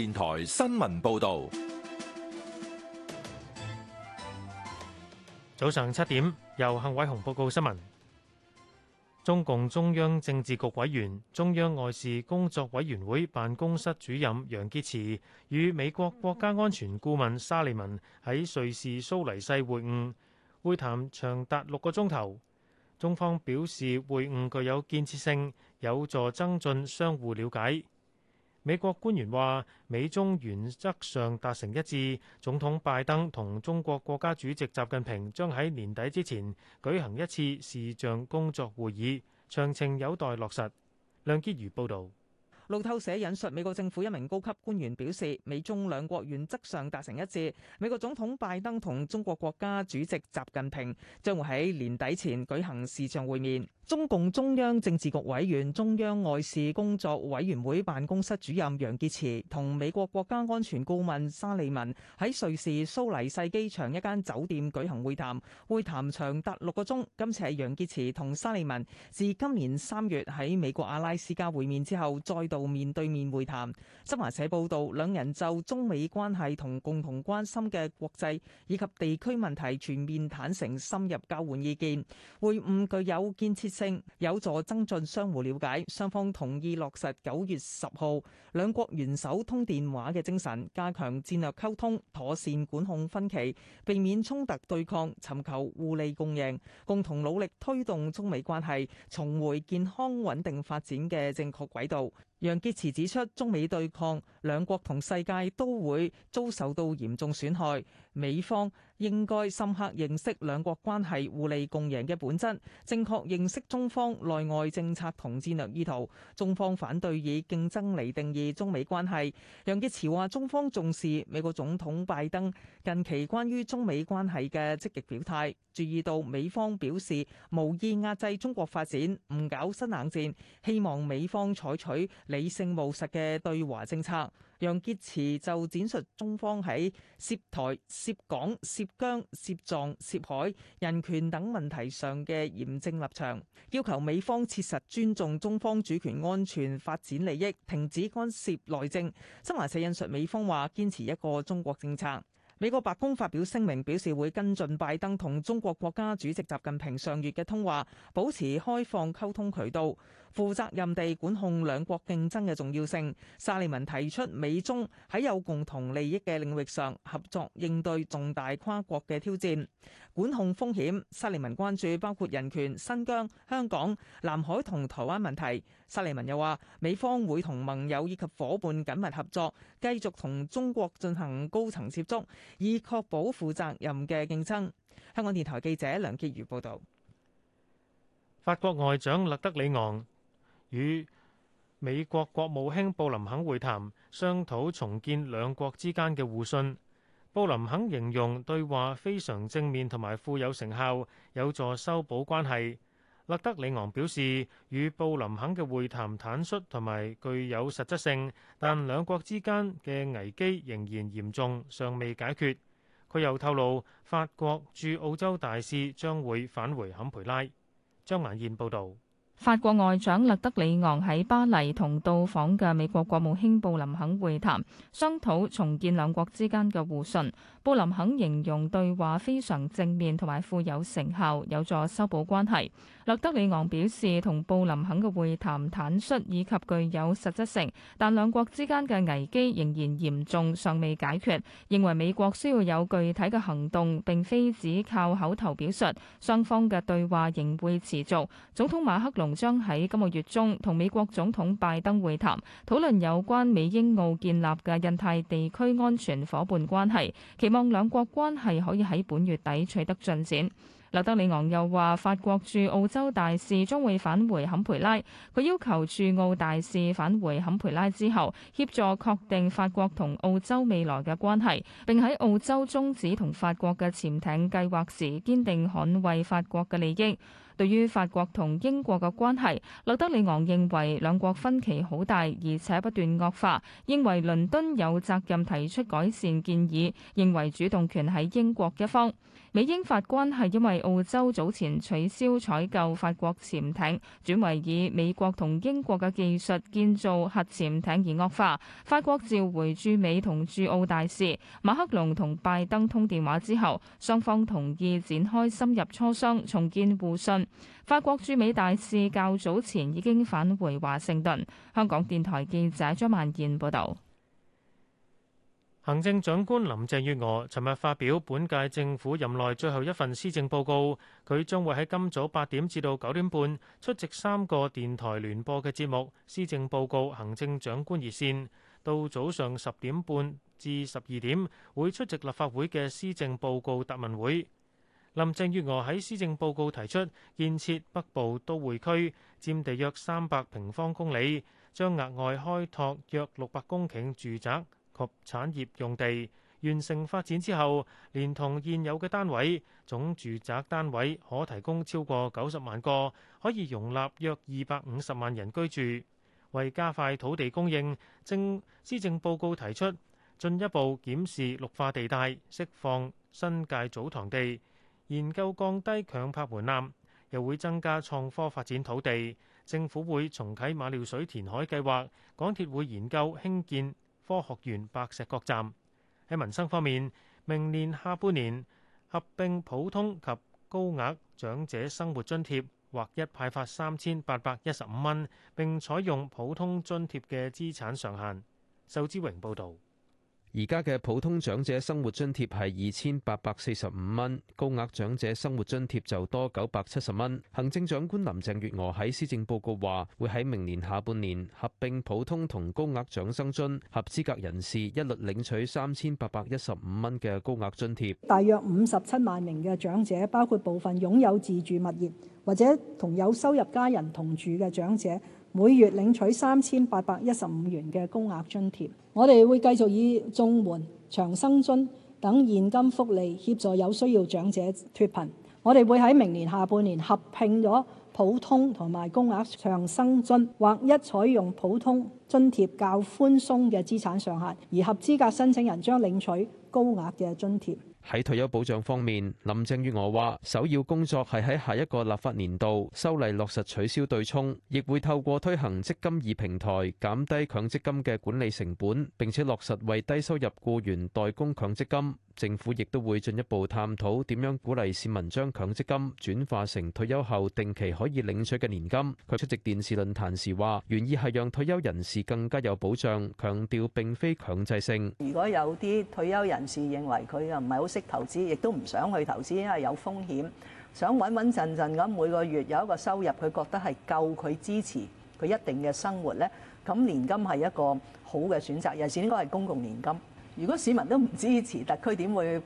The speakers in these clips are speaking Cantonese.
電台新聞報道：早上七點，由幸偉雄報告新聞。中共中央政治局委員、中央外事工作委員會辦公室主任楊潔篪與美國國家安全顧問沙利文喺瑞士蘇黎世會晤，會談長達六個鐘頭。中方表示，會晤具有建設性，有助增進相互了解。美國官員話，美中原則上達成一致，總統拜登同中國國家主席習近平將喺年底之前舉行一次視像工作會議，詳情有待落實。梁潔如報導。路透社引述美國政府一名高級官員表示，美中兩國原則上達成一致，美國總統拜登同中國國家主席習近平將會喺年底前舉行視像會面。中共中央政治局委員，中央外事工作委員會辦公室主任楊潔篪同美國國家安全顧問沙利文喺瑞士蘇黎世機場一間酒店舉行會談，會談長達六個鐘。今次係楊潔篪同沙利文自今年三月喺美國阿拉斯加會面之後再度面對面會談。新華社報道，兩人就中美關係同共同關心嘅國際以及地區問題，全面坦誠深入交換意見，會晤具有建設性。有助增進相互了解，雙方同意落實九月十號兩國元首通電話嘅精神，加強戰略溝通，妥善管控分歧，避免衝突對抗，尋求互利共贏，共同努力推動中美關係重回健康穩定發展嘅正確軌道。楊潔篪指出，中美對抗，兩國同世界都會遭受到嚴重損害。美方應該深刻認識兩國關係互利共贏嘅本質，正確認識中方內外政策同戰略意圖。中方反對以競爭嚟定義中美關係。楊潔篪話：中方重視美國總統拜登近期關於中美關係嘅積極表態，注意到美方表示無意壓制中國發展，唔搞新冷戰，希望美方採取理性務實嘅對華政策。楊潔篪就展述中方喺涉台、涉港、涉疆、涉藏、涉海、人權等問題上嘅嚴正立場，要求美方切實尊重中方主權安全發展利益，停止干涉內政。新華社引述美方話堅持一個中國政策。美國白宮發表聲明，表示會跟進拜登同中國國家主席習近平上月嘅通話，保持開放溝通渠道。負責任地管控兩國競爭嘅重要性，沙利文提出美中喺有共同利益嘅領域上合作應對重大跨國嘅挑戰，管控風險。沙利文關注包括人權、新疆、香港、南海同台灣問題。沙利文又話，美方會同盟友以及伙伴緊密合作，繼續同中國進行高層接觸，以確保負責任嘅競爭。香港電台記者梁潔如報導。法國外長勒德里昂，與美國國務卿布林肯會談，商討重建兩國之間嘅互信。布林肯形容對話非常正面同埋富有成效，有助修補關係。勒德里昂表示，與布林肯嘅會談坦率同埋具有實質性，但兩國之間嘅危機仍然嚴重，尚未解決。佢又透露，法國駐澳洲大使將會返回坎培拉。張顏燕報導。法國外長勒德里昂喺巴黎同到訪嘅美國國務卿布林肯會談，商討重建兩國之間嘅互信。布林肯形容對話非常正面同埋富有成效，有助修補關係。勒德里昂表示，同布林肯嘅會談坦率以及具有實質性，但兩國之間嘅危機仍然嚴重，尚未解決，認為美國需要有具體嘅行動，並非只靠口頭表述。雙方嘅對話仍會持續。總統馬克龍將喺今個月中同美國總統拜登會談，討論有關美英澳建立嘅印太地區安全伙伴關係，期望兩國關係可以喺本月底取得進展。勒德里昂又話，法國駐澳洲大使將會返回坎培拉，佢要求駐澳大使返回坎培拉之後，協助確定法國同澳洲未來嘅關係，並喺澳洲終止同法國嘅潛艇計劃時，堅定捍衛法國嘅利益。對於法國同英國嘅關係，勒德里昂認為兩國分歧好大，而且不斷惡化。認為倫敦有責任提出改善建議，認為主動權喺英國一方。美英法關係因為澳洲早前取消採購法國潛艇，轉為以美國同英國嘅技術建造核潛艇而惡化。法國召回駐美同駐澳大使。馬克龍同拜登通電話之後，雙方同意展開深入磋商，重建互信。法國駐美大使較早前已經返回華盛頓。香港電台記者張萬燕報道。行政長官林鄭月娥尋日發表本屆政府任內最後一份施政報告，佢將會喺今早八點至到九點半出席三個電台聯播嘅節目《施政報告行政長官熱線》，到早上十點半至十二點會出席立法會嘅施政報告答問會。林鄭月娥喺施政報告提出建設北部都會區，佔地約三百平方公里，將額外開拓約六百公頃住宅及產業用地。完成發展之後，連同現有嘅單位，總住宅單位可提供超過九十萬個，可以容納約二百五十萬人居住。為加快土地供應，政施政報告提出進一步檢視綠化地帶，釋放新界祖堂地。研究降低強拍門檻，又會增加創科發展土地。政府會重啟馬料水填海計劃，港鐵會研究興建科學園白石角站。喺民生方面，明年下半年合併普通及高額長者生活津貼，或一派發三千八百一十五蚊，並採用普通津貼嘅資產上限。壽之榮報導。而家嘅普通長者生活津貼係二千八百四十五蚊，高額長者生活津貼就多九百七十蚊。行政長官林鄭月娥喺施政報告話，會喺明年下半年合併普通同高額長生津，合資格人士一律領取三千八百一十五蚊嘅高額津貼。大約五十七萬名嘅長者，包括部分擁有自住物業或者同有收入家人同住嘅長者。每月領取三千八百一十五元嘅高額津貼，我哋會繼續以綜援、長生津等現金福利協助有需要長者脱貧。我哋會喺明年下半年合併咗普通同埋高額長生津，或一採用普通。津貼較寬鬆嘅資產上限，而合資格申請人將領取高額嘅津貼。喺退休保障方面，林鄭月娥話，首要工作係喺下一個立法年度修例，落實取消對沖，亦會透過推行積金易平台，減低強積金嘅管理成本。並且落實為低收入僱員代供強積金。政府亦都會進一步探討點樣鼓勵市民將強積金轉化成退休後定期可以領取嘅年金。佢出席電視論壇時話，原意係讓退休人士。而更加有保障，強調並非強制性。如果有啲退休人士認為佢又唔係好識投資，亦都唔想去投資，因為有風險，想穩穩陣陣咁每個月有一個收入，佢覺得係夠佢支持佢一定嘅生活咧，咁年金係一個好嘅選擇，尤其是應該係公共年金。如果市民都唔支持特區，點會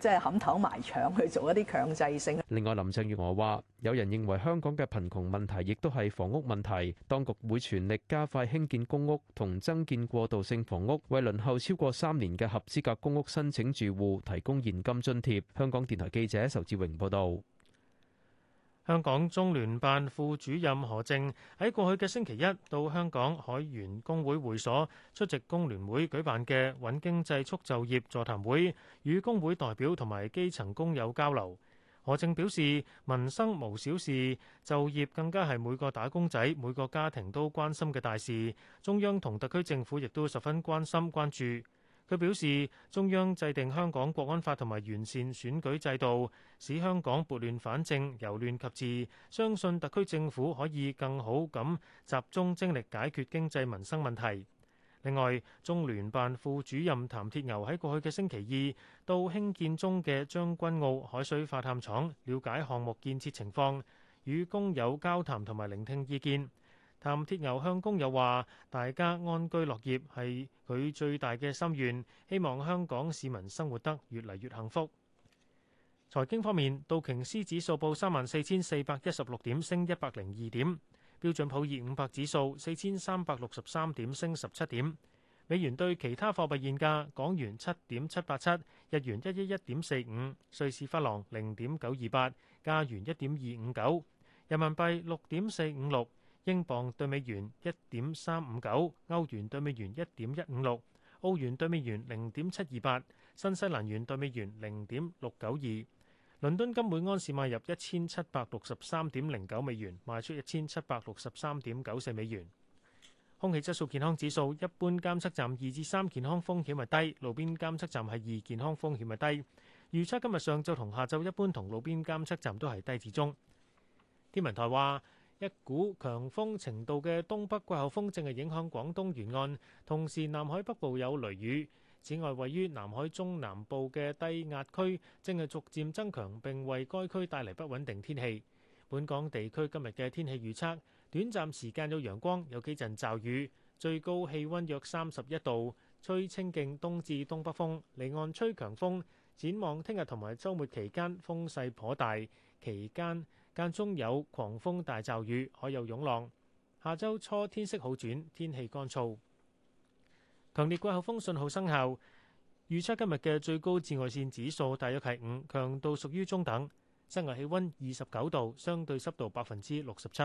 即係冚頭埋牆去做一啲強制性？另外，林鄭月娥話：有人認為香港嘅貧窮問題亦都係房屋問題，當局會全力加快興建公屋同增建過渡性房屋，為輪候超過三年嘅合資格公屋申請住戶提供現金津貼。香港電台記者仇志榮報道。香港中聯辦副主任何靖喺過去嘅星期一到香港海員工會會所出席工聯會舉辦嘅穩經濟促就業座談會，與工會代表同埋基層工友交流。何靖表示：民生無小事，就業更加係每個打工仔、每個家庭都關心嘅大事，中央同特區政府亦都十分關心關注。佢表示，中央制定香港國安法同埋完善選舉制度，使香港撥亂反正、由亂及治。相信特區政府可以更好咁集中精力解決經濟民生問題。另外，中聯辦副主任譚鐵牛喺過去嘅星期二到興建中嘅將軍澳海水化淡廠了解項目建設情況，與工友交談同埋聆聽意見。譚鐵牛向工友話：大家安居樂業係佢最大嘅心願，希望香港市民生活得越嚟越幸福。財經方面，道瓊斯指數報三萬四千四百一十六點，升一百零二點；標準普爾五百指數四千三百六十三點，升十七點。美元對其他貨幣現價：港元七點七八七，日元一一一點四五，瑞士法郎零點九二八，加元一點二五九，人民幣六點四五六。英鎊兌美元一點三五九，歐元兌美元一點一五六，澳元兌美元零點七二八，新西蘭元兌美元零點六九二。倫敦金每安士買入一千七百六十三點零九美元，賣出一千七百六十三點九四美元。空氣質素健康指數，一般監測站二至三健康風險係低，路邊監測站係二健康風險係低。預測今日上晝同下晝，一般同路邊監測站都係低至中。天文台話。一股強風程度嘅東北季候風正係影響廣東沿岸，同時南海北部有雷雨。此外，位於南海中南部嘅低壓區正係逐漸增強，並為該區帶嚟不穩定天氣。本港地區今日嘅天氣預測：短暫時間有陽光，有幾陣驟雨，最高氣温約三十一度，吹清勁東至東北風，離岸吹強風。展望聽日同埋週末期間，風勢頗大，期間。間中有狂風大驟雨，海有湧浪。下周初天色好轉，天氣乾燥。強烈季候風信號生效，預測今日嘅最高紫外線指數大約係五，強度屬於中等。室外氣温二十九度，相對濕度百分之六十七。